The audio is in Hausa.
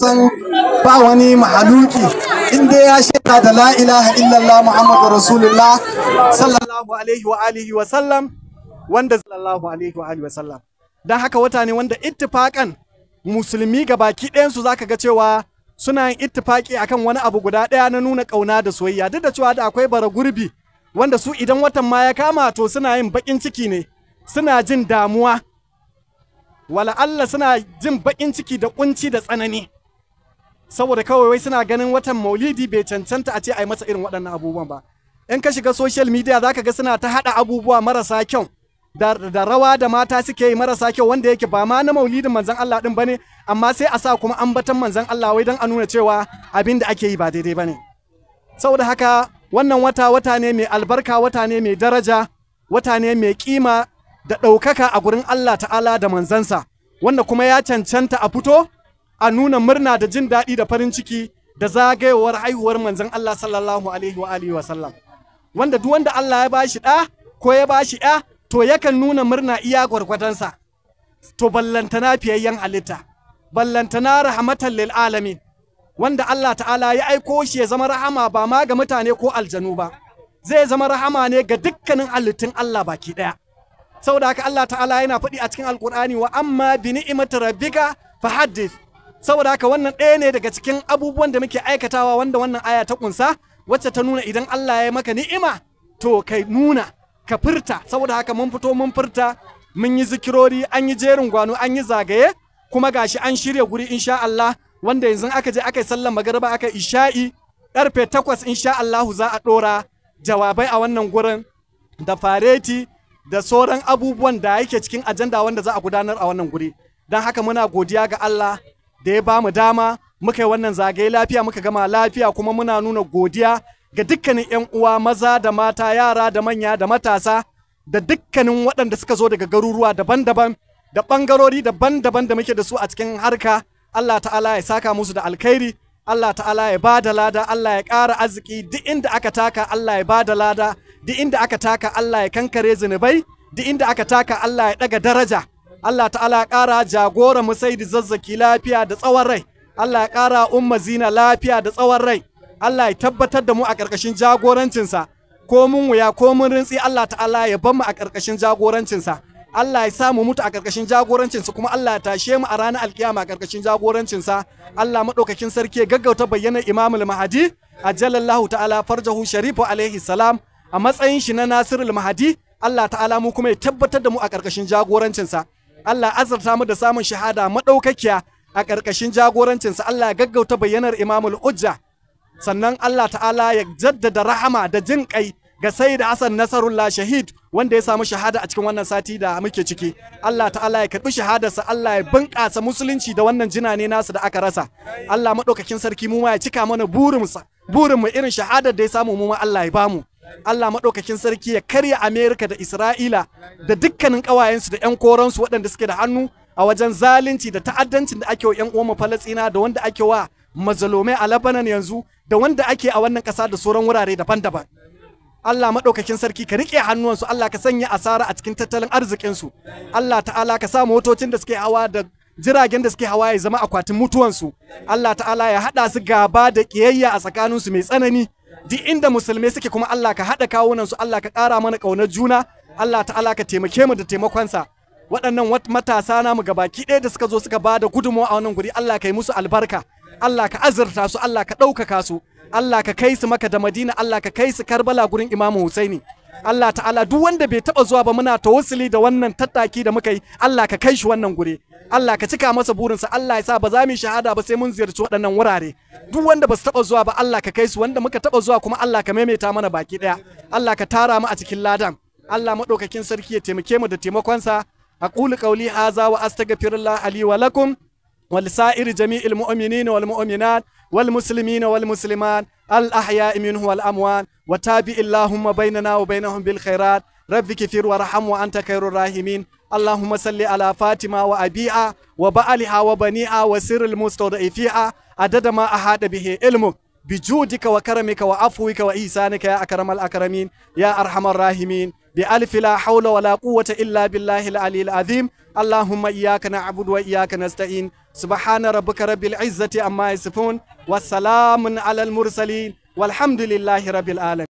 san ba wani mahaluki in ya shaida da la ilaha illallah muhammadu rasulullah sallallahu alaihi wa alihi wa sallam wanda sallallahu alaihi wa alihi wa sallam dan haka wata ne wanda ittifakan musulmi ga gabaki ɗayansu zaka ga cewa suna yin ittifaki akan wani abu guda ɗaya na nuna ƙauna da soyayya duk da cewa da akwai bara gurbi wanda su idan watan ma ya kama to suna yin baƙin ciki ne suna jin damuwa wala Allah suna jin baƙin ciki da kunci da tsanani saboda kawai wai suna ganin watan maulidi bai cancanta a ce a yi masa irin waɗannan abubuwan ba in ka shiga social media za ka ga suna ta haɗa abubuwa marasa kyau da, rawa da mata suke yi marasa kyau wanda yake ba ma na maulidin manzan Allah din bane amma sai a sa kuma ambatan manzan Allah wai dan a nuna cewa abin da ake yi ba daidai bane saboda haka wannan wata wata ne mai albarka wata ne mai daraja wata ne mai kima da ɗaukaka a gurin Allah ta'ala da manzansa wanda kuma ya cancanta a fito a nuna murna da jin daɗi da farin ciki da zagayowar haihuwar manzon Allah sallallahu alaihi wa alihi wa sallam wanda duk wanda Allah ya bashi ɗa ko ya bashi ɗa to yakan nuna murna iya gwargwadansa to ballantana fiyayyen halitta ballantana rahmatan lil wanda Allah ta'ala ya aiko shi ya zama rahama ba ma ga mutane ko aljanu ba zai zama rahama ne ga dukkanin halittun Allah baki ɗaya saboda haka Allah ta'ala yana faɗi a cikin alkur'ani wa amma bi ni'imati rabbika haddith saboda haka wannan ɗaya ne daga cikin abubuwan da muke aikatawa wanda wannan aya ta kunsa wacce ta nuna idan Allah ya maka ni'ima to kai nuna ka furta saboda haka mun fito mun furta mun yi zikirori an yi jerin gwano an yi zagaye kuma gashi an shirya guri insha Allah wanda yanzu aka je aka yi sallan magariba aka isha'i karfe takwas insha Allah za a ɗora jawabai a wannan gurin da fareti da sauran abubuwan da yake cikin ajanda wanda za a gudanar a wannan guri don haka muna godiya ga Allah da ya ba mu dama muka yi wannan zagaye lafiya muka gama lafiya kuma muna nuna godiya ga dukkanin 'yan uwa maza da mata yara da manya da matasa da dukkanin waɗanda suka zo daga garuruwa daban-daban da ɓangarori daban-daban da muke da su a cikin harka Allah ta'ala ya saka musu da alkhairi Allah ta'ala ya ba da lada Allah ya ƙara arziki duk inda aka taka Allah ya ba da lada duk inda aka taka Allah ya kankare zunubai duk inda aka taka Allah ya ɗaga daraja Allah ta'ala ƙara jagora musaidi zazzaki lafiya da tsawon rai Allah ya ƙara umma zina lafiya da tsawon rai Allah ya tabbatar da mu a ƙarƙashin jagorancinsa ko mun wuya ko mun rintsi Allah ta'ala ya bar mu a ƙarƙashin jagorancinsa Allah ya samu mutu a ƙarƙashin jagorancinsa kuma Allah ya tashe mu a ranar alkiyama a ƙarƙashin jagorancinsa Allah maɗaukakin sarki ya gaggauta bayyanar Imamul Mahadi ajalallahu ta'ala farjahu sharifu alaihi salam a matsayin shi na Nasirul Mahadi Allah ta'ala mu kuma ya tabbatar da mu a ƙarƙashin jagorancinsa Allah azarta mu da samun shahada madaukakiya a ƙarƙashin jagorancinsa Allah ya gaggauta bayyanar Imamul Ujja sannan Allah ta'ala ya jaddada rahama da jin kai ga Sayyid Hassan Nasarullah Shahid wanda ya samu shahada a cikin wannan sati da muke ciki Allah ta'ala ya karbi shahadarsa Allah ya bunƙasa musulunci da wannan jina ne nasu da aka rasa Allah madaukakin sarki mu ma ya cika mana burin mu irin shahadar da ya samu mu ma Allah ya bamu Allah maɗaukakin sarki ya karya Amerika da Isra'ila da dukkanin ƙawayensu da 'yan koransu waɗanda suke da hannu a wajen zalunci da ta'addancin da ake wa 'yan uwan Falastina da wanda ake wa mazalomai a Lebanon yanzu da wanda ake a wannan ƙasa da sauran wurare daban-daban. Allah maɗaukakin sarki ka riƙe hannuwansu Allah ka sanya asara a cikin tattalin arzikinsu. Allah ta'ala ka sa motocin da suke hawa da jiragen da suke hawa ya zama akwatin mutuwansu. Allah ta'ala ya haɗa su gaba da ƙiyayya a tsakaninsu mai tsanani. duk inda musulmai suke kuma Allah ka haɗa kawunan su Allah ka ƙara mana ƙaunar juna Allah ta'ala ka taimake mu da taimakonsa waɗannan matasa namu gabaki ɗaya da suka zo suka ba da gudunmawa a wannan guri Allah ka yi musu albarka Allah ka azurta su Allah ka ɗaukaka su Allah ka kai su maka da Madina Allah ka kai su Karbala gurin Imamu Husaini Allah ta'ala duk wanda bai taba zuwa ba muna tawassuli da wannan tattaki da muka yi Allah ka kai shi wannan guri Allah ka cika masa burinsa Allah ya sa ba za mu shahada ba sai mun ziyarci waɗannan wurare duk wanda ba su taba zuwa ba Allah ka kai su wanda muka taba zuwa kuma Allah ka maimaita mana baki daya Allah ka tara mu a cikin ladan Allah madaukakin sarki ya taimake mu da taimakonsa aqulu qawli hadha wa astaghfirullah li wa lakum wal lisa'iri jami'il mu'minina wal mu'minat wal muslimina wal muslimat الأحياء منه والأموات وتابع اللهم بيننا وبينهم بالخيرات رب كثير ورحم وأنت خير الراحمين اللهم صل على فاطمة وأبيها وبعلها وبنيها وسر المستضعفيها عدد ما أحاط به علمك بجودك وكرمك وعفوك وإحسانك يا أكرم الأكرمين يا أرحم الراحمين بألف لا حول ولا قوة إلا بالله العلي العظيم اللهم إياك نعبد وإياك نستعين سبحان ربك رب العزة أما يصفون والسلام على المرسلين والحمد لله رب العالمين